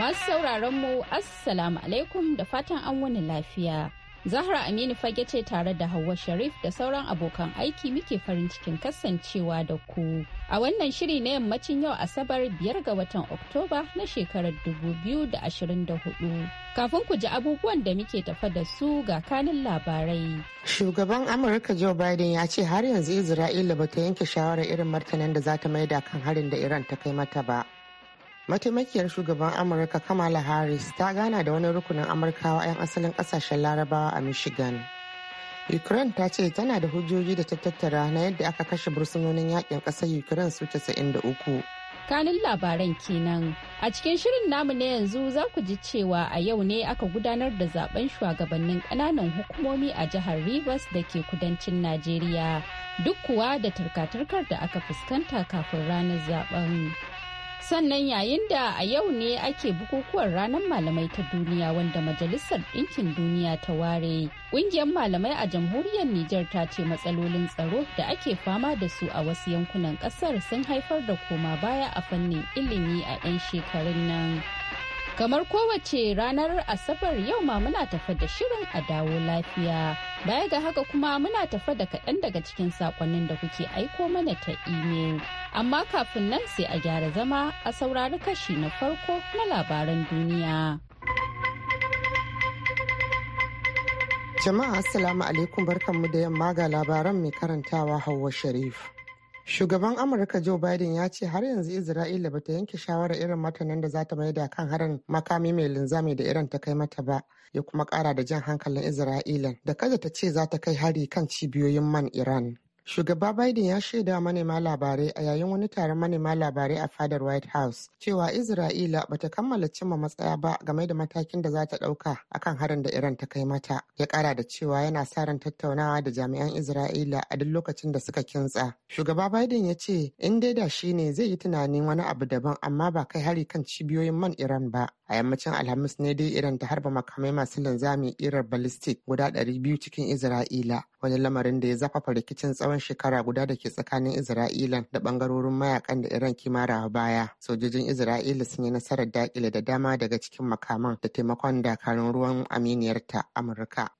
Masu sauraron mu Assalamu alaikum da fatan an wani lafiya. Zahra Aminu fage ce tare da Hauwa Sharif da sauran abokan aiki muke farin cikin kasancewa da ku. A wannan shiri na yammacin yau Asabar biyar ga watan Oktoba na shekarar da da ashirin hudu Kafin ku ji abubuwan da muke tafa da su ga kanin labarai. Shugaban Amurka Joe Biden ya ce har yanzu Isra'ila bata yanke shawarar irin martanin da za ta maida kan harin da Iran ta kai mata ba. mataimakiyar shugaban amurka kamala harris ta gana da wani rukunin amurkawa 'yan asalin kasashen larabawa a michigan ukraine ta ce tana da hujjoji da ta tattara na yadda aka kashe bursunonin yakin kasar ukraine su uku. kanin labaran kenan a cikin shirin namu na yanzu za ku ji cewa a yau ne aka gudanar da zaben shugabannin kananan hukumomi a jihar rivers da ke kudancin najeriya duk kuwa da turka-turkar da aka fuskanta kafin ranar zaben sannan yayin da a yau ne ake bukukuwan ranar malamai ta duniya wanda majalisar ɗinkin duniya ta ware ƙungiyar malamai a jamhuriyar nijar ta ce matsalolin tsaro da ake fama da su a wasu yankunan ƙasar sun haifar da koma baya a fannin ilimi a 'yan shekarun nan Kamar kowace ranar Asabar yau ma muna tafa da shirin a dawo lafiya. Baya ga haka kuma muna tafa da kaɗan daga cikin saƙonnin da kuke aiko mana ta imel. Amma kafin nan sai a gyara zama a saurari kashi na farko na labaran duniya. Jama'a Assalamu alaikum barkanmu da yamma ga labaran mai karantawa Hauwa Sharif. Shugaban Amurka Joe Biden ya ce har yanzu Isra'ila bata yanke shawarar irin matanan da za ta da kan harin makami mai linzami da Iran ta kai mata ba, ya kuma kara da jan hankalin Isra'ilan da kada ta ce za ta kai hari kan cibiyoyin man Iran. Shugaba Biden ya shaida manema labarai a yayin wani taron manema labarai a fadar White House cewa Isra'ila bata kammala cimma matsaya ba game da matakin da za ta ɗauka akan harin da Iran ta kai mata. Ya kara da cewa yana sa ran tattaunawa da jami'an Isra'ila a duk lokacin da suka kintsa. Shugaba Biden ya ce in dai da shi ne zai yi tunanin wani abu daban amma ba kai hari kan cibiyoyin man Iran ba. a yammacin alhamis ne dai irin ta harba makamai masu linzami irar ballistic guda 200 cikin isra'ila wani lamarin da ya zafafa rikicin tsawon shekara guda da ke tsakanin isra'ila da bangarorin mayakan da iran kimara baya sojojin isra'ila sun yi nasarar dakile da dama daga cikin makaman da taimakon dakarun ruwan aminiyarta amurka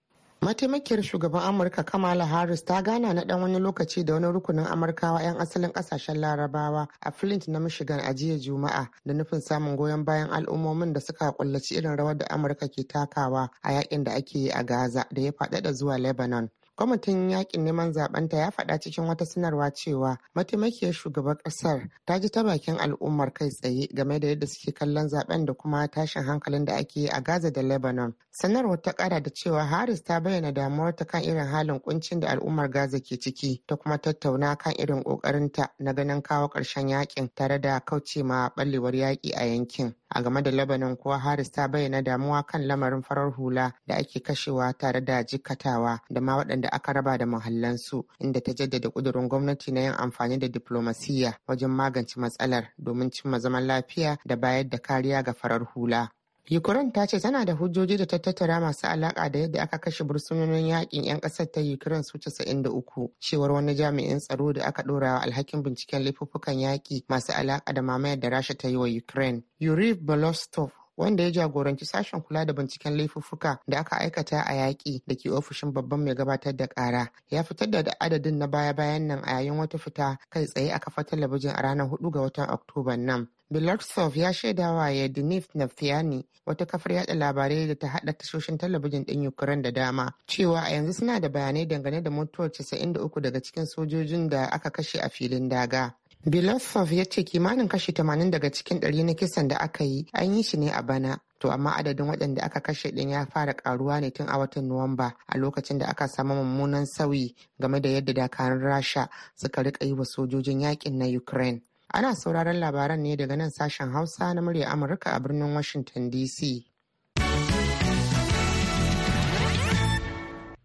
mataimakiyar shugaban amurka kamala harris ta gana na dan wani lokaci da wani rukunin amurkawa 'yan asalin kasashen larabawa a flint na michigan a jiya juma'a da nufin samun goyon bayan al'ummomin da suka kullaci irin rawar da amurka ke takawa a yakin da ake yi a gaza da ya faɗaɗa zuwa lebanon kwamitin yakin neman zabenta ya faɗa cikin wata sanarwa cewa mataimakiyar shugaban ƙasar ta ji ta bakin al'ummar kai tsaye game da yadda suke kallon zaben da kuma tashin hankalin da ake yi a gaza da lebanon sanarwar ta kara da cewa haris ta bayyana ta kan irin halin kuncin da al'ummar gaza ke ciki ta kuma tattauna kan irin kokarinta na ganin kawo ƙarshen yakin tare da kauce ma ɓallewar yaƙi a yankin a game da labanin kuwa haris ta bayyana damuwa kan lamarin farar hula da ake kashewa tare da jikatawa, da ma waɗanda aka raba da muhallansu inda ta jaddada ƙudurin gwamnati na yin amfani da diplomasiya wajen magance matsalar domin cimma zaman lafiya da bayar da kariya ga farar hula Ukraine ta ce tana da hujjoji da tattara masu alaka da yadda aka kashe bursunonin yakin 'yan kasar ta Ukraine su 93 cewar wani jami'in tsaro da aka ɗora alhakin binciken laifuffukan yaƙi masu alaka da mamayar da Rasha ta yi wa Ukraine. Yuri Bolostov wanda ya jagoranci sashen kula da binciken laifuffuka da aka aikata a yaƙi da ke ofishin babban mai gabatar da ƙara ya fitar da adadin na baya-bayan nan a yayin wata fita kai tsaye a kafa talabijin a ranar 4 ga watan oktoba nan Belotsov ya shaida wa Yadinif Nafiani wata kafar yada labarai da ta hada tashoshin talabijin din Ukraine da dama cewa a yanzu suna da bayanai dangane da mutuwar 93 daga cikin sojojin da aka kashe a filin daga. Belotsov ya ce kimanin kashi 80 daga cikin ɗari na kisan da aka yi an yi shi ne a bana. To amma adadin waɗanda aka kashe ɗin ya fara ƙaruwa ne tun a watan Nuwamba a lokacin da aka samu mummunan sauyi game da yadda dakarun Rasha suka riƙa yi wa sojojin yaƙin na Ukraine. Ana sauraron labaran ne daga nan sashen Hausa na murya Amurka a birnin Washington DC.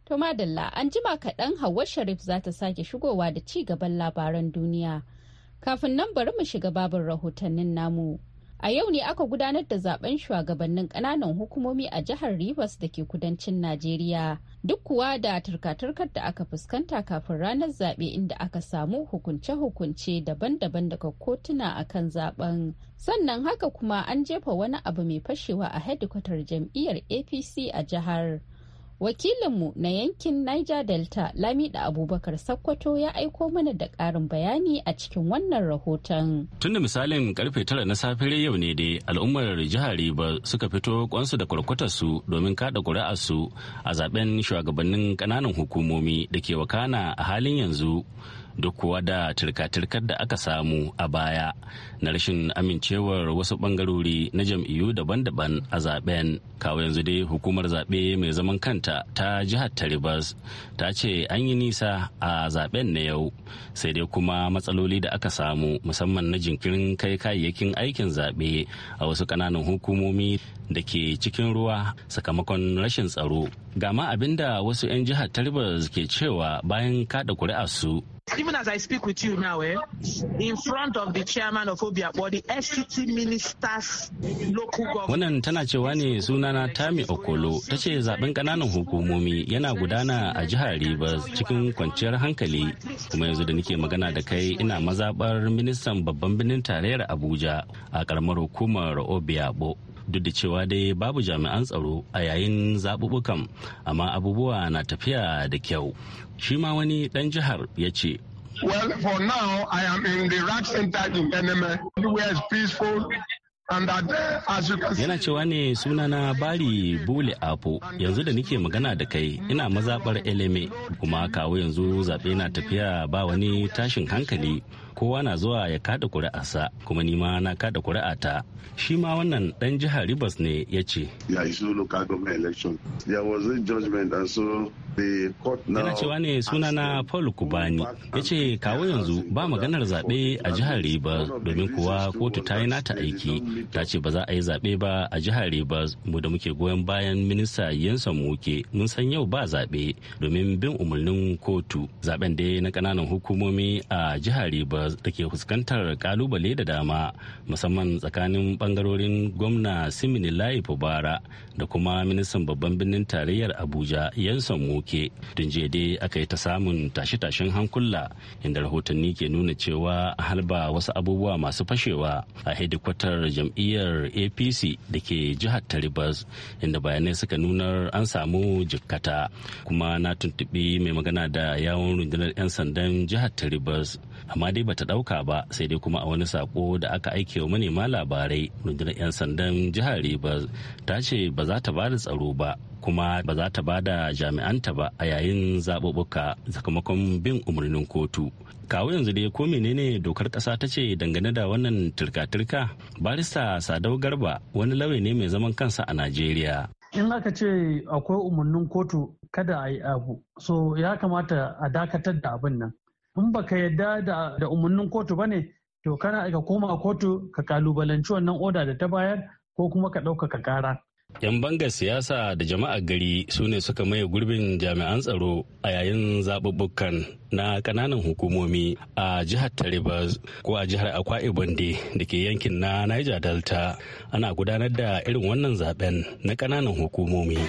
To Madalla, an jima kaɗan Hauwa Sharif za ta sake shigowa da ci gaban labaran duniya. Kafin nan bari mu shiga babin rahotannin namu. A yau ne aka gudanar da zaben shugabannin ƙananan hukumomi a jihar Rivers da ke kudancin Najeriya. Duk kuwa da turkatarkar da aka fuskanta kafin ranar zaɓe inda aka samu hukunce-hukunce daban-daban daga kotuna a kan zaben. Sannan haka kuma an jefa wani abu mai fashewa a hedikwatar jam'iyyar APC a jihar. wakilinmu na yankin niger delta lamida abubakar sakkwato ya aiko mana da ƙarin bayani a cikin wannan rahoton tun da misalin karfe tara na safiyar yau ne dai al'ummar jihar riba suka fito kwansu da kwarkwatarsu domin kada ƙuri'arsu a zaben shugabannin ƙananan hukumomi da ke wakana a halin yanzu duk kuwa da turka-turkar da aka samu a baya na rashin amincewar wasu bangarori na jam'iyyu daban-daban a zaben kawo yanzu dai hukumar zaɓe mai zaman kanta ta jihar taribas ta ce an yi nisa a zaben na yau sai dai kuma matsaloli da aka samu musamman na jinkirin kai kayayyakin aikin zaɓe a wasu ƙananan hukumomi da ke cikin ruwa sakamakon rashin tsaro gama abinda wasu 'yan jihar taribas ke cewa bayan kada kuri'arsu Even as I speak with you now, eh, in front of the chairman of Obiakpo, the SCT ministers local government. Wannan tana cewa ne sunana Tami Okolo ta ce zaben kananan hukumomi yana gudana a jihar Rivers cikin kwanciyar hankali kuma yanzu da nike magana da kai ina mazabar ministan babban birnin tarayyar Abuja a karamar hukumar Obiakpo. duk da cewa dai babu jami'an tsaro a yayin zaɓuɓɓukan amma abubuwa na tafiya da kyau shi ma wani ɗan jihar ya ce Well, for now, I am in the rack center in Beneme. Everywhere is peaceful. Yana cewa ne sunana Bari Bule Apo yanzu da nike magana da kai ina mazaɓar eleme kuma kawo yanzu zaɓe na tafiya ba wani tashin hankali kowa na zuwa ya kada kuri'arsa kuma ni ma na kada kuri'ata shi ma wannan dan jihar Rivers ne ya ce yana cewa ne sunana Paul Kubani ya ce kawo yanzu ba maganar zaɓe a jihar Rivers domin kuwa kotu ta yi nata aiki ta ce ba za a yi zaɓe ba a jihar Rivers mu da muke goyon bayan minista yansan Muke mun san yau ba zaɓe domin bin umarnin kotu zaben dai na ƙananan hukumomi a jihar Rivers da ke fuskantar kalubale da dama musamman tsakanin bangarorin gwamna simini layi fubara da kuma ministan babban birnin tarayyar abuja yansan moke tun jiya aka yi ta samun tashe-tashen hankula inda rahotanni ke nuna cewa halba wasu abubuwa masu fashewa a hedikwatar jam'iyyar apc da ke jihar taribas inda bayanai suka nuna an samu jikkata kuma na tuntubi mai magana da yawon rundunar 'yan sandan jihar taribas amma dai bata dauka ba sai dai kuma a wani sako da aka aike wa manema labarai rundunar 'yan sandan jihar Rivers ta ce ba za ta bada tsaro ba kuma ba za ta bada jami'anta ba a yayin zaɓuɓɓuka sakamakon bin umarnin kotu kawo yanzu dai ko menene dokar ƙasa ta ce dangane da wannan turka-turka barista sadau garba wani lauya ne mai zaman kansa a najeriya in aka ce akwai umarnin kotu kada a yi abu so ya kamata a dakatar da abin nan in baka yadda da, umarnin kotu ba ne to kana ka koma kotu ka kalubalanci wannan oda da ta bayar ko kuma ka ɗaukaka kara. yan bangar siyasa da jama'ar gari su ne suka maye gurbin jami'an tsaro a yayin zaɓuɓɓukan na ƙananan hukumomi a jihar taribas ko a jihar akwa ibonde da ke yankin na niger delta ana gudanar da irin wannan zaben na ƙananan hukumomi.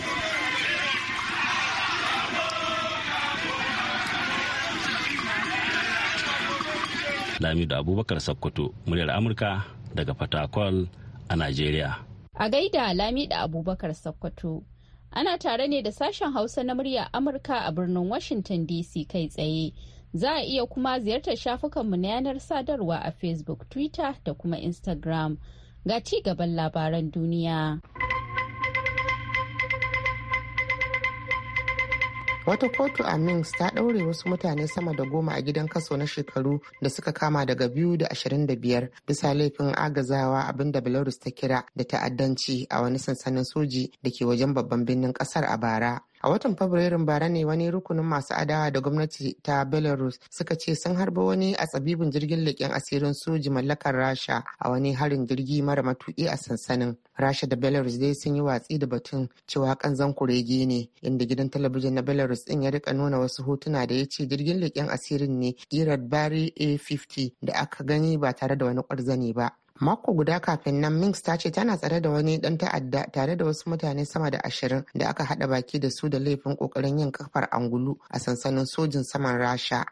Lamido Abubakar Sokoto, muryar Amurka daga Fatakwal a Najeriya. A gaida Lamido Abubakar Sokoto. Ana tare ne da sashen Hausa na muryar Amurka a birnin Washington DC kai tsaye. Za a iya kuma ziyartar shafukanmu na yanar sadarwa a Facebook, Twitter da kuma Instagram. Ga ci gaban labaran duniya. wata kotu a minsk ta ɗaure wasu mutane sama da goma a gidan kaso na shekaru da suka kama daga biyu da ashirin da biyar bisa laifin agazawa abin da belarus ta kira da ta'addanci a wani sansanin soji da ke wajen babban birnin ƙasar a bara A watan Fabrairun bara ne wani rukunin masu adawa da gwamnati ta Belarus suka ce sun harba wani a tsabibin jirgin leƙen asirin soji mallakar Rasha a wani harin jirgi mara matuƙi a sansanin. Rasha da Belarus dai sun yi watsi da batun cewa kanzan kurege ne inda gidan talabijin na Belarus din ya rika nuna wasu hotuna da ya ce jirgin leƙen asirin ne kirar Bari A50 da aka gani ba tare da wani ƙwarzani ba. mako guda kafin nan minks ta ce tana tsare da wani dan ta'adda tare da wasu mutane sama da ashirin da aka hada baki da su da laifin kokarin yin kafar angulu a sansanin sojin saman rasha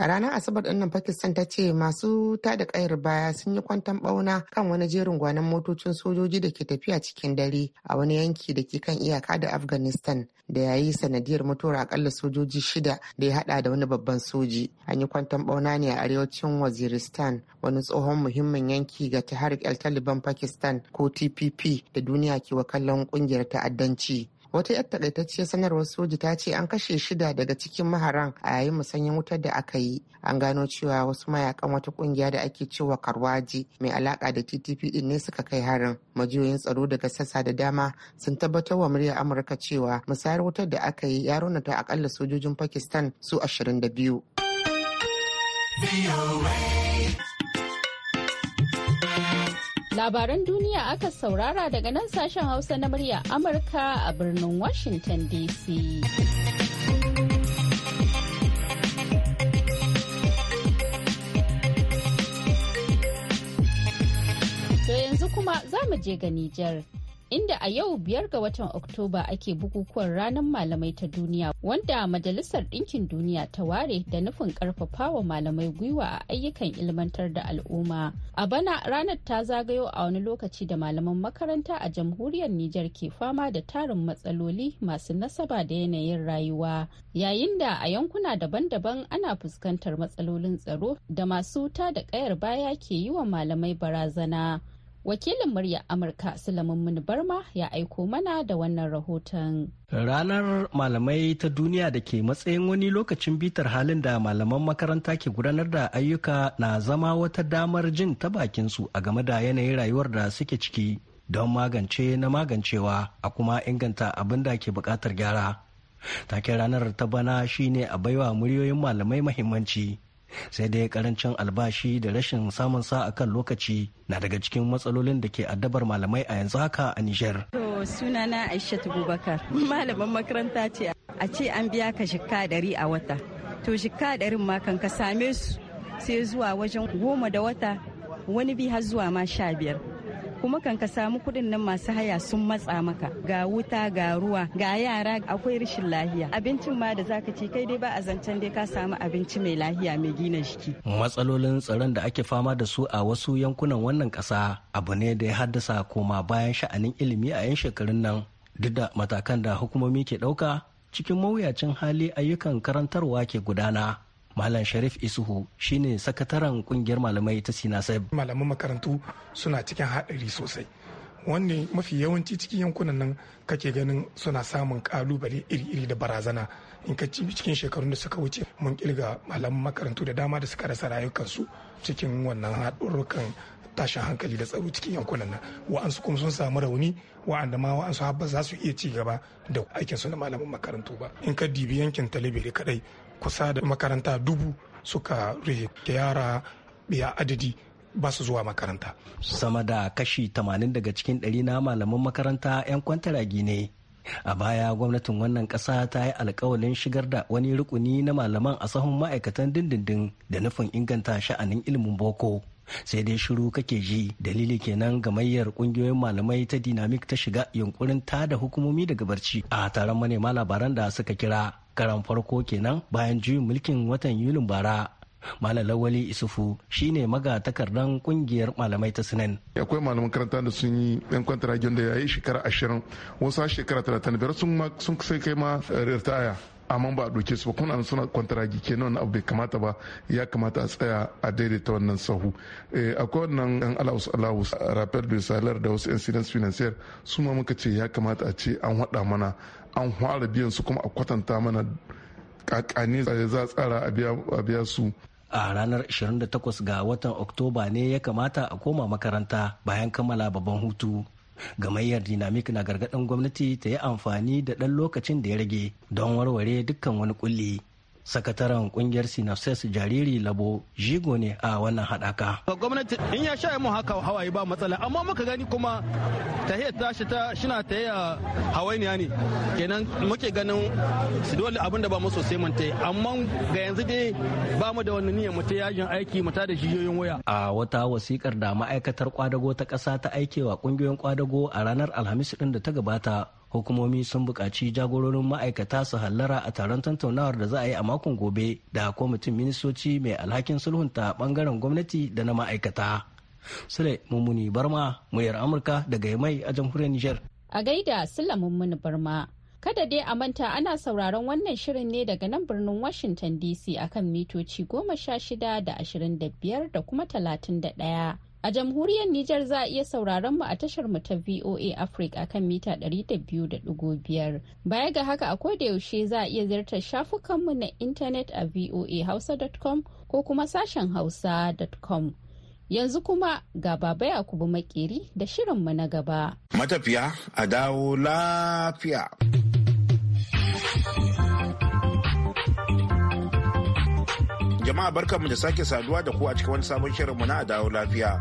A ranar Asabar ɗin nan Pakistan ta ce masu tada kayar baya sun yi kwantan bauna kan wani jerin gwanon motocin sojoji da ke tafiya cikin dare a wani yanki da ke kan iyaka da Afghanistan da ya yi sanadiyar mutuwar akalla sojoji shida da ya haɗa da wani babban soji. An yi kwantan bauna ne a arewacin Waziristan wani tsohon muhimmin yanki ga Tahrik el Taliban Pakistan ko TPP da duniya ke wakallon kallon kungiyar ta'addanci. wata yar takaitacciyar sanarwar soji ta ce an kashe shida daga cikin maharan a yayin musanyen wutar da aka yi an gano cewa wasu mayakan wata kungiya da ake cewa karwaji mai alaka da ttp din ne suka kai harin majiyoyin tsaro daga sassa da dama sun tabbatar wa muryar amurka cewa musayar wutar da aka yi ya raunata akalla sojojin pakistan su 22 Labaran duniya aka saurara daga nan sashen Hausa na murya Amurka a birnin Washington DC. To yanzu kuma za mu je ga Nijar. inda a yau biyar ga watan Oktoba ake bukukuwan ranar malamai ta duniya wanda Majalisar Ɗinkin Duniya ta ware da nufin ƙarfafawa malamai gwiwa a ayyukan ilmantar da al'umma. A bana ranar ta zagayo a wani lokaci da malaman makaranta a jamhuriyar Nijar ke fama da tarin matsaloli masu nasaba da yanayin rayuwa yayin da a yankuna daban-daban ana fuskantar matsalolin tsaro da masu ta da ƙayar baya ke yi wa malamai barazana. wakilin murya amurka sulamin mun barma ya aiko mana da wannan rahoton ranar malamai ta duniya da ke matsayin wani lokacin bitar halin da malaman makaranta ke gudanar da ayyuka na zama wata damar jin ta bakinsu a game da yanayin rayuwar da suke ciki don magance na magancewa a kuma inganta abin da ke bukatar gyara taken ranar ta bana shine a baiwa muryoyin malamai mahimmanci sai dai karancin albashi da rashin samun sa a kan lokaci na daga cikin matsalolin da ke addabar malamai a yanzu haka a Nijar. To sunana aisha Bubakar malaman makaranta ce a ce an biya ka shika dari a wata. To shika dari ma kan ka same su sai zuwa wajen goma da wata wani bi har zuwa ma sha biyar. kuma kan ka samu kuɗin nan masu haya sun matsa maka ga wuta ga ruwa ga yara akwai rashin lahiya abincin ma da zaka ci kai dai ba a zancen dai ka samu abinci mai lahiya mai gina jiki matsalolin tsaron da ake fama da su a wasu yankunan wannan ƙasa abu ne da ya haddasa koma bayan sha'anin ilimi a 'yan shekarun nan duk da matakan da hukumomi ke ɗauka cikin mawuyacin hali ayyukan karantarwa ke gudana Malam Sharif Isuhu shine sakataren kungiyar malamai ta Sinasab. Malaman makarantu suna cikin haɗari sosai. Wanne mafi yawanci cikin yankunan nan kake ganin suna samun kalubale iri-iri da barazana. In ka cikin shekarun da suka wuce mun kirga malaman makarantu da dama da suka rasa rayukansu cikin wannan haɗurrukan tashin hankali da tsaro cikin yankunan nan wa'ansu kuma sun samu rauni wa'anda ma wa'ansu habba za su iya ci gaba da aikinsu na malaman makarantu ba in ka dibi yankin talibiri kadai kusa da makaranta dubu suka rihe yara biya adadi ba su zuwa makaranta. Sama da kashi 80 daga cikin ɗari na malaman makaranta 'yan kwantaragi ne. A baya gwamnatin wannan ƙasa ta yi alkawalin shigar da wani rukuni na malaman a sahun ma'aikatan dindindin da nufin inganta sha'anin ilimin boko. sai dai shiru kake ji dalili kenan gamayyar kungiyoyin malamai ta dinamik ta shiga yunkurin da hukumomi daga barci a taron manema labaran da suka kira karan farko kenan bayan juyin mulkin watan yulin bara Malam Lawali Isufu shine magatakardan kungiyar malamai ta Sinan. Akwai malaman karanta da sun yi yan hajjin da ya yi shekara ashirin wasu shekara talatin biyar sun sai kai ma eh, ritaya amma ba a doke su ba kuna suna ke kenan abu bai kamata ba ya kamata a tsaya a daidaita wannan sahu eh, akwai wannan yan alawus alawus da da wasu incidents financier su ma muka ce ya kamata a ce an haɗa mana an fara biyan su kuma a kwatanta mana kakane za tsara a biya su a ranar 28 ga watan oktoba ne ya kamata a koma makaranta bayan kammala babban hutu gamayyar dinamik na gargaɗin gwamnati ta yi amfani da ɗan lokacin da ya rage don warware dukkan wani kulli sakataren kungiyar sinapses jariri labo jigo ne a wannan haɗaka. gwamnati in ya sha mu haka hawaye ba matsala amma muka gani kuma ta tashi ta shina a hawainiya ne kenan muke ganin su dole abin da ba mu sosai mun amma ga yanzu dai ba mu da wani niyyar mu ta yajin aiki mu ta da jijiyoyin waya. a wata wasikar da ma'aikatar kwadago ta ƙasa ta aikewa kungiyoyin kwadago a ranar alhamis ɗin da ta gabata hukumomi sun buƙaci jagororin ma'aikata su hallara a taron tattaunawar da za a yi a makon gobe da kwamitin ministoci mai alhakin sulhunta bangaren gwamnati da na ma'aikata sule mummuni barma muryar amurka daga yamai a jamhuriyar nijar a gaida sule mummuni barma kada dai a manta ana sauraron wannan shirin ne daga nan birnin washington dc akan mitoci goma sha shida da ashirin da biyar da kuma talatin da ɗaya A jamhuriyar Nijar za a iya sauraron mu a tashar mu ta VOA Africa kan mita 200.5. Baya ga haka a da yaushe za a iya ziyartar shafukanmu na intanet a voahausa.com ko kuma sashen hausa.com. Yanzu kuma ga baba Yakubu makeri da shirin mu na gaba. Matafiya a dawo lafiya. Jama'a barkanmu da sake saduwa da ku a cikin wani sabon shirinmu na dawo lafiya.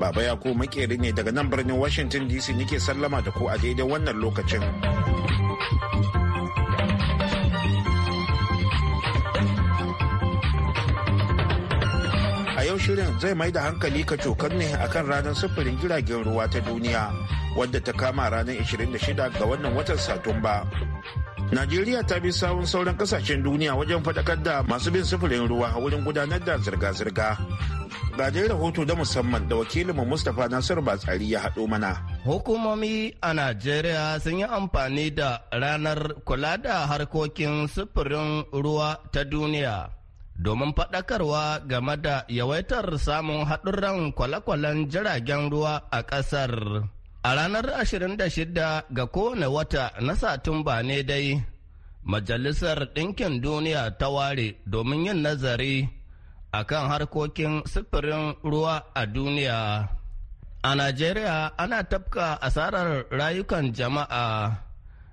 Baba ya ku makeri ne daga nan birnin Washington DC nike sallama da ku a daidai wannan lokacin. A yau shirin zai mai da hankali ka cokar ne akan ranar sufurin jiragen ruwa ta duniya wadda ta kama ranar 26 ga wannan watan Satumba. Najeriya ta bi sawun sauran kasashen duniya wajen faɗakar da masu bin sufurin ruwa wurin gudanar da zirga-zirga. dai rahoto da musamman da wakilinmu Mustapha Nasiru Batsari ya haɗo mana. Hukumomi a Najeriya sun yi amfani da ranar kula da harkokin sufurin ruwa ta duniya. Domin faɗakarwa game da yawaitar samun haɗurran kwale-kwalen jiragen ruwa a ƙasar. A ranar 26 ga kowane wata na Satumba ne dai, Majalisar Ɗinkin Duniya ta ware domin yin nazari a kan harkokin sufurin ruwa a duniya. A Najeriya ana tafka asarar rayukan jama'a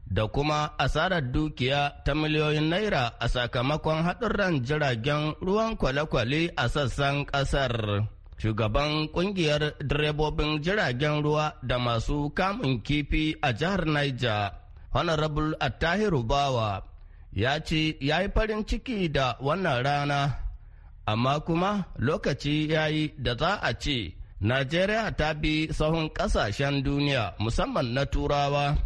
da kuma asarar dukiya ta miliyoyin naira a sakamakon haɗurran jiragen ruwan kwale-kwale a sassan ƙasar. Shugaban kungiyar direbobin jiragen ruwa da masu kamun kifi a jihar Niger, Honorable Attahiru Bawa, ya ce ya yi farin ciki da wannan rana, amma kuma lokaci ya yi da za a ce, Najeriya ta bi sahun ƙasashen duniya musamman na Turawa.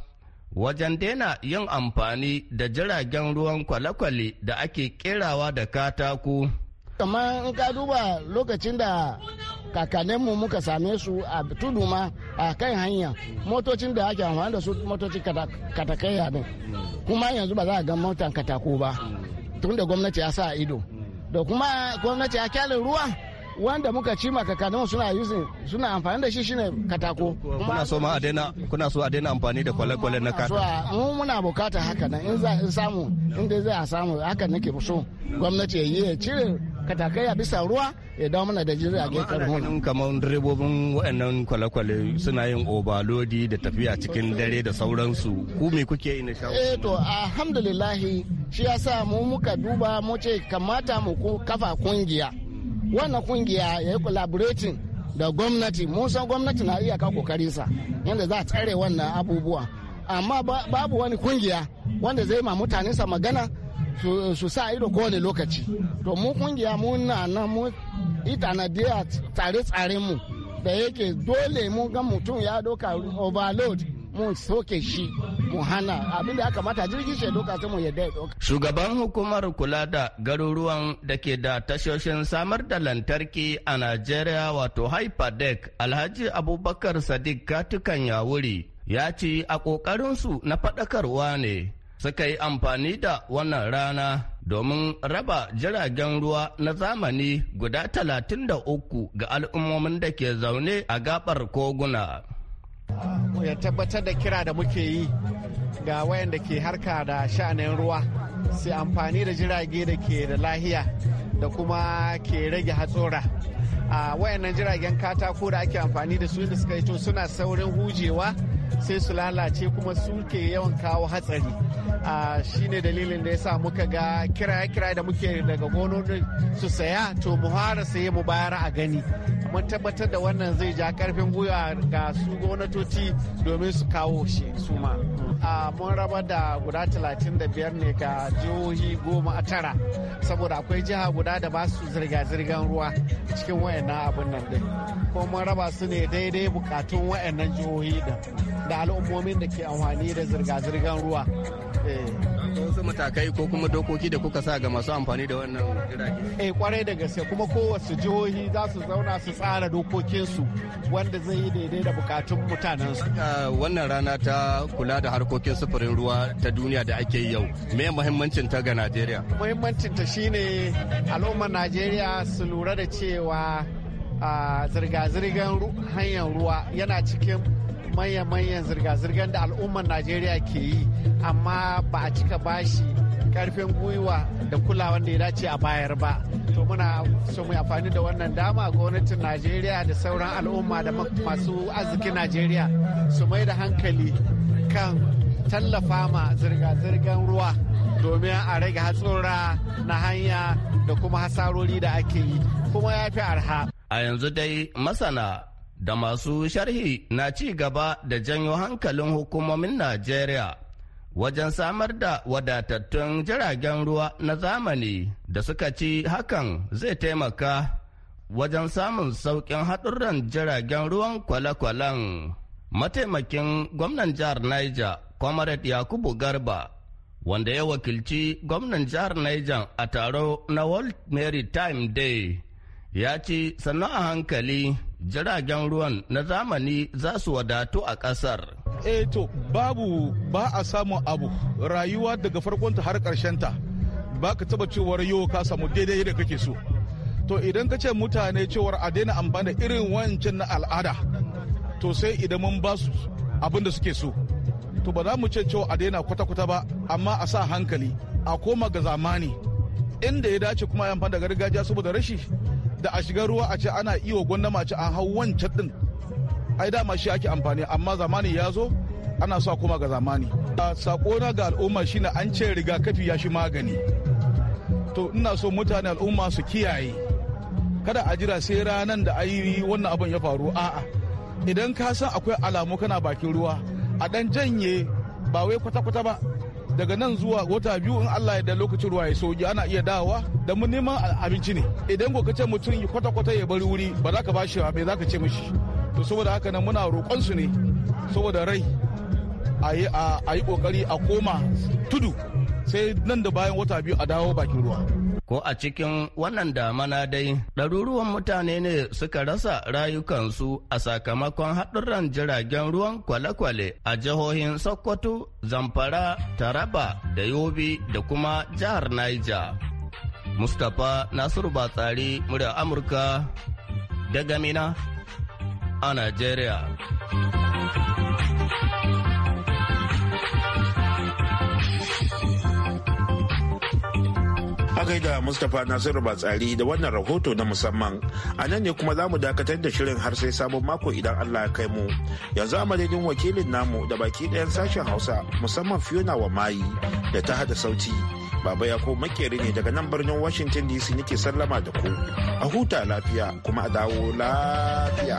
wajen daina yin amfani da jiragen ruwan kwale-kwale da ake kerawa da katako kamar in ka duba lokacin da kakanninmu muka same su a tudu ma a kan hanya motocin da ake amfani da su motocin katakaiya ne kuma yanzu ba za a ga motan katako ba tun da gwamnati ya sa ido da kuma gwamnati ya kyalin ruwa wanda muka ci ma kakanin suna using suna amfani da shi shine katako kuna so ma a daina kuna so a daina amfani da kwale-kwale na kata mu muna bukata haka nan in za in samu in dai za a samu haka nake so gwamnati ya yi cire katakai a bisa ruwa ya dawo mana da jirgin a gefen hun kamar direbobin wa'annan kwale-kwale suna yin obalodi da tafiya cikin dare da sauransu ku me kuke yi na shawo eh to alhamdulillah shi yasa mu muka duba mu ce kamata mu kafa kungiya wannan kungiya ya yi collaborating da gwamnati san gwamnati na iyaka kokarinsa yadda za a tsare wannan abubuwa amma babu wani kungiya wanda zai ma mutanensa magana su sa ido kowane lokaci to mu kungiya mu na nan mu itanadiya tsare mu da yake dole mu ga mutum ya doka overload mu soke shi mu hana abin da ya kamata jirgin shi ya doka sai mu yadda ya doka. Shugaban hukumar kula da garuruwan da ke da tashoshin samar da lantarki a Najeriya wato Hyperdeck Alhaji Abubakar Sadiq Katukan Yawuri ya ce a ƙoƙarinsu na faɗakarwa ne suka yi amfani da wannan rana domin raba jiragen ruwa na zamani guda talatin da uku ga al'ummomin da ke zaune a gabar koguna. ya tabbatar da kira da muke yi ga wayanda ke harka da sha'anin ruwa sai amfani da jirage da ke da lahiya da kuma ke rage hatsora a wayannan jiragen katako da ake amfani da su da suka to suna saurin hujewa sai su lalace kuma su ke yawan kawo hatsari a shine dalilin da ya sa muka ga kira kira da muke daga gononin su saya to mu hara saye mu bayar a gani mun tabbatar da wannan zai ja karfin gwiwa ga su gwamnatoci domin su kawo shi su ma mun raba da guda talatin da biyar ne ga jihohi goma a tara saboda akwai jiha guda da ba su zirga-zirgar ruwa cikin wayannan abin nan din ko mun raba su ne daidai bukatun wayannan jihohi da al'ummomin da ke amfani da zirga-zirgar ruwa eh. wasu matakai ko kuma dokoki da kuka sa ga masu amfani da wannan jirage eh kwarai da gaske kuma kowace jihohi za su zauna su tsara dokokinsu wanda zai yi daidai da bukatun mutanen su wannan rana ta kula da harkokin sufurin ruwa ta duniya da ake yi yau me muhimmancin ta ga Najeriya muhimmancin ta shine al'ummar Najeriya su lura da cewa zirga zirgan hanyar ruwa yana cikin manya-manyan zirga-zirgar da al'ummar najeriya ke yi amma ba a cika bashi karfin gwiwa da kulawan da ya dace a bayar ba to muna so mu amfani da wannan dama gwamnatin najeriya da sauran al'umma da masu arzikin najeriya su mai da hankali kan tallafa ma zirga-zirgar ruwa domin a rage hatsura na hanya da kuma hasarori da ake yi kuma ya fi arha a yanzu dai masana da masu sharhi na ci gaba da janyo hankalin hukumomin Najeriya wajen samar da wadatattun jiragen ruwa na zamani da suka ci hakan zai taimaka wajen samun sauƙin haɗurran jiragen ruwan kwale-kwalen. Mataimakin gwamnan jihar Niger, Comrade Yakubu Garba, wanda ya wakilci gwamnan jihar Niger a taro na World Maritime Day, ya ci, sannu a hankali jiragen ruwan na zamani za su wadatu a ƙasar. eh to babu ba a samun abu rayuwa daga farkonta har karshen ta ba ka taba cewar yau ka samu daidai da kake so to idan ka ce mutane cewar a daina amfani irin wancan na al'ada to sai idan mun ba su abin da suke so to ba za mu ce cewa a daina kwata-kwata ba amma a sa hankali a koma ga zamani inda ya dace kuma ya amfani da gargajiya saboda rashi da a shiga ruwa a ce ana iyo gwandama a ce an hau wancan din ai dama shi ake amfani amma zamani ya zo ana sa kuma ga zamani sakona ga al'umma shine an ce rigakafi ya shi magani to ina so mutane al'umma su kiyaye kada a jira sai ranan da yi wannan abin ya faru a'a idan ka san akwai alamu kana bakin ruwa a dan janye ba wai kwata-kwata ba daga nan zuwa wata biyu in Allah ya da lokacin ruwa ya soji ana iya dawowa da mu neman abinci ne idan ko ce mutum kwata-kwata ya bari wuri ba za ka bashi ba za ka ce mishi to saboda haka nan muna roƙon su ne saboda rai a yi kokari a koma tudu sai nan da bayan wata biyu a dawo bakin ruwa Ko a cikin wannan damana dai, ɗaruruwan mutane ne suka rasa rayukansu a sakamakon haɗurran jiragen ruwan kwale-kwale a jihohin Sokoto, Zamfara, Taraba da Yobe da kuma jihar Niger. Mustapha Nasiru Batsari, murya Amurka, daga Mina a Najeriya. gaida Mustapha Nasiru Batsari da wannan rahoto na musamman. A nan ne kuma za mu dakatar da shirin har sai sabon mako idan Allah ya kai mu. Yanzu a madadin wakilin namu da baki ɗayan sashen Hausa musamman Fiona wa Mayi da ta hada sauti. Baba ya ko makeri ne daga nan birnin Washington DC nake sallama da ku. A huta lafiya kuma a dawo lafiya.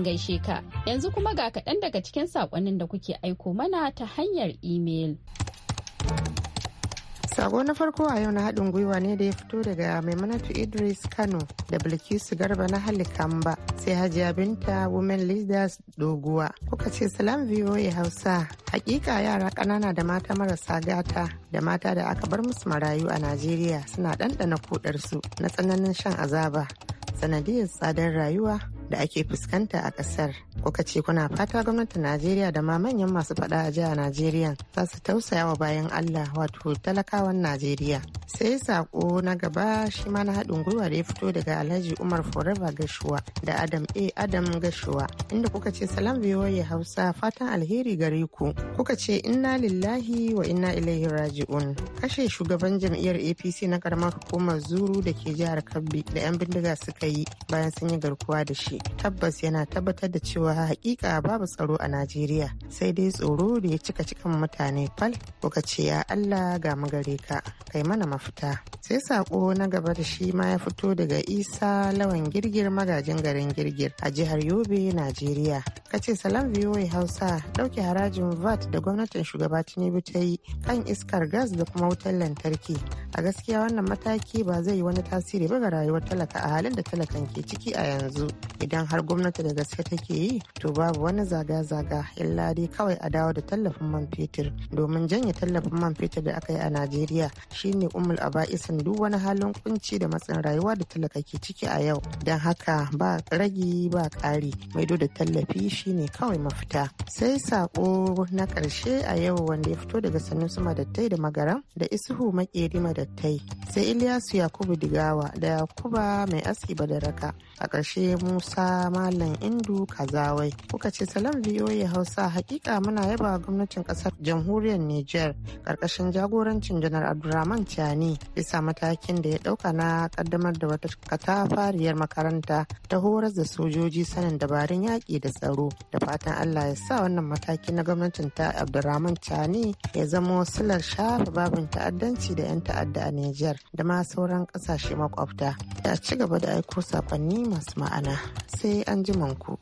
An gaishe ka. Yanzu kuma ga kaɗan daga cikin saƙonin da kuke aiko mana ta hanyar imel. sago na farko a yau na haɗin gwiwa ne da ya fito daga Maimunatu Idris Kano da Bilkisu Garba na Halikamba sai Hajiya Binta Women Leaders Doguwa. Kuka ce Salam VOA Hausa. Hakika yara ƙanana da mata marasa gata da mata da aka bar musu marayu a Najeriya suna ɗanɗana kuɗarsu na tsananin shan azaba sanadiyar tsadar rayuwa da ake fuskanta a kasar kuka ce kuna fata gwamnatin najeriya da ma manyan masu fada a jihar najeriya za su tausaya wa bayan allah wato talakawan najeriya sai sako na gaba shi ma na haɗin gwiwa da ya fito daga alhaji umar forever gashuwa da adam a adam gashuwa inda kuka ce salam ya hausa fatan alheri gare ku kuka ce inna lillahi wa inna ilaihi raji'un kashe shugaban jam'iyyar apc na karamar hukumar zuru da ke jihar kabbi da yan bindiga suka yi bayan sun yi garkuwa da shi tabbas yana tabbatar da cewa hakika babu tsaro a najeriya sai dai tsoro da ya cika cikin mutane fal kuka ce ya allah ga mu gare ka kai mana mafita sai sako na gaba da shi ma ya fito daga isa lawan girgir magajin garin girgir a jihar yobe najeriya kace salam voa hausa dauke harajin vat da gwamnatin shugaba tinubu ta yi kan iskar gas da kuma wutar lantarki a gaskiya wannan mataki ba zai yi wani tasiri ba ga rayuwar talaka a halin da talakan ke ciki a yanzu idan har gwamnati da gaske take yi to babu wani zaga-zaga illa dai kawai a dawo da tallafin man fetur domin janye tallafin man fetur da aka yi a najeriya shine umul aba'isin duk wani halin kunci da matsin rayuwa da talaka ke ciki a yau don haka ba ragi ba ƙari mai da tallafi shine kawai mafita sai sako na ƙarshe a yau wanda ya fito daga sanusi madattai da magaram da isuhu makeri madattai sai iliyasu yakubu digawa da yakuba mai aski badaraka a ƙarshe musa Amurka Malam Indu Kazawai. Kuka ce salam biyoyi Hausa hakika muna yaba gwamnatin kasar jamhuriyar Nijar karkashin jagorancin janar Abdulrahman Tiani bisa matakin da ya dauka na kaddamar da wata katafariyar makaranta ta horar da sojoji sanin dabarun yaƙi da tsaro da fatan Allah ya sa wannan mataki na gwamnatin ta Abdulrahman Tiani ya zamo silar shafa babin ta'addanci da 'yan ta'adda a Nijar da ma sauran kasashe makwabta. Ya ci gaba da aiko sakonni masu ma'ana. sai an ji ku.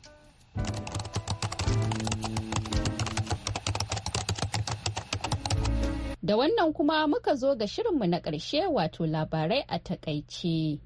Da wannan kuma muka zo ga shirinmu na ƙarshe wato labarai a takaice.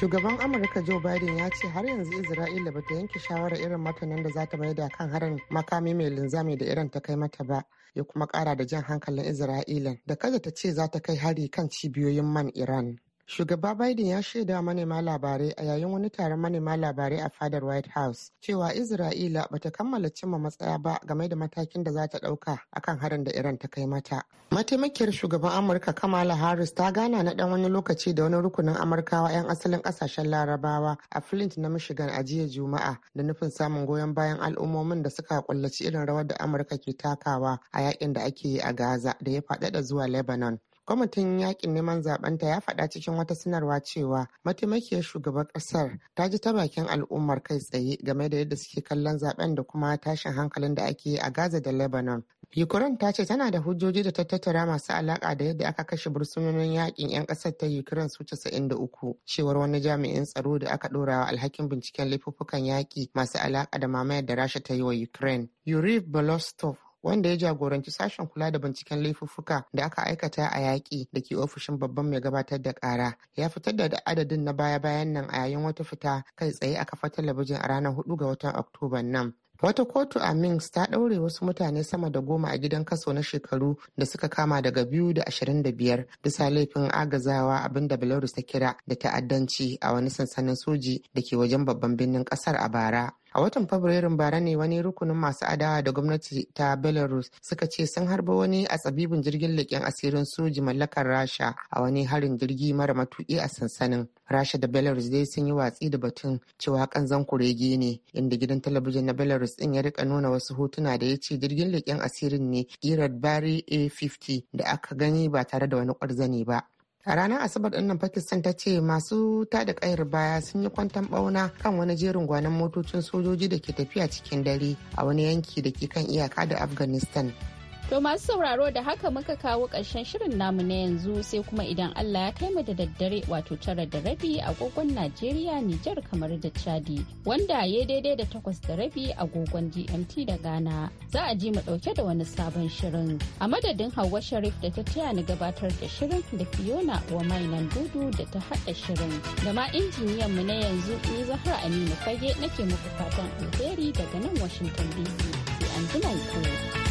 Shugaban Amurka Joe Biden ya ce har yanzu Isra'ila ba ta yanke shawarar irin matanin da za ta maida kan harin makami mai linzami da irin ta kai mata ba, ya kuma ƙara da jan hankalin Isra'ilan da kada ta ce za ta kai hari kan cibiyoyin man Iran. Shugaba Biden ya shaida manema labarai a yayin wani taron manema labarai a fadar White House cewa Isra'ila bata kammala cimma matsaya ba game da matakin da za ta ɗauka akan harin da Iran ta kai mata. Mataimakiyar shugaban Amurka Kamala Harris ta gana na ɗan wani lokaci da wani rukunin Amurkawa 'yan asalin ƙasashen Larabawa a Flint na Michigan a jiya Juma'a da nufin samun goyon bayan al'ummomin da suka kullaci irin rawar da Amurka ke takawa a yakin da ake yi a Gaza da ya faɗaɗa zuwa Lebanon. kwamitin yakin neman zabenta ya faɗa cikin wata sanarwa cewa mataimakiyar shugaban ƙasar ta ji ta bakin al'ummar kai tsaye game da yadda suke kallon zaben da kuma tashin hankalin da ake yi a gaza da lebanon ukraine ta ce tana da hujjoji da ta tattara masu alaka da yadda aka kashe bursunonin yakin 'yan ƙasar ta ukraine su casa'in da uku; cewar wani jami'in tsaro da aka ɗora alhakin binciken laifuffukan yaƙi masu alaka da mamayar da rasha ta yi wa ukraine yuri bolostov wanda ya jagoranci sashen kula da binciken laifuffuka da aka aikata a yaƙi da ke ofishin babban mai gabatar da ƙara ya fitar da adadin na baya-bayan nan a yayin wata fita kai tsaye a kafar talabijin a ranar 4 ga watan Oktoba nan. Wata kotu a Minsk ta ɗaure wasu mutane sama da goma a gidan kaso na shekaru da suka kama daga biyu da ashirin da biyar bisa laifin agazawa abin da Belarus ta kira da ta'addanci a wani sansanin soji da ke wajen babban birnin ƙasar a bara. A watan Fabrairun bara ne wani rukunin masu adawa da gwamnati ta Belarus suka ce sun harba wani a tsabibin jirgin leƙen asirin soji mallakar Rasha a wani harin jirgi mara matuƙi a sansanin. Rasha da Belarus dai sun yi watsi da batun cewa kanzan kurege ne inda gidan talabijin na Belarus din ya rika nuna wasu hotuna da ya ce jirgin leƙen asirin ne Irat Bari A50 da aka gani ba tare da wani kwarzani ba. A ranar Asabar ɗinnan Pakistan ta ce masu tada ƙayar baya sun yi kwantan ɓauna kan wani jerin gwanon motocin sojoji da ke tafiya cikin dare a wani yanki da ke kan iyaka da Afghanistan. To masu sauraro da haka muka kawo ƙarshen shirin namu na yanzu sai kuma idan Allah ya kai mu da daddare wato tara da rabi agogon Najeriya Nijar kamar da Chadi wanda ya daidai da takwas da rabi agogon GMT da Ghana za a ji mu ɗauke da wani sabon shirin. A madadin Hauwa Sharif da ta taya ni gabatar da shirin da Fiona wa mainan dudu da ta haɗa shirin da ma injiniyan mu na yanzu ni Zahra Aminu Fage nake muku fatan alheri daga nan Washington DC. Sai an ku.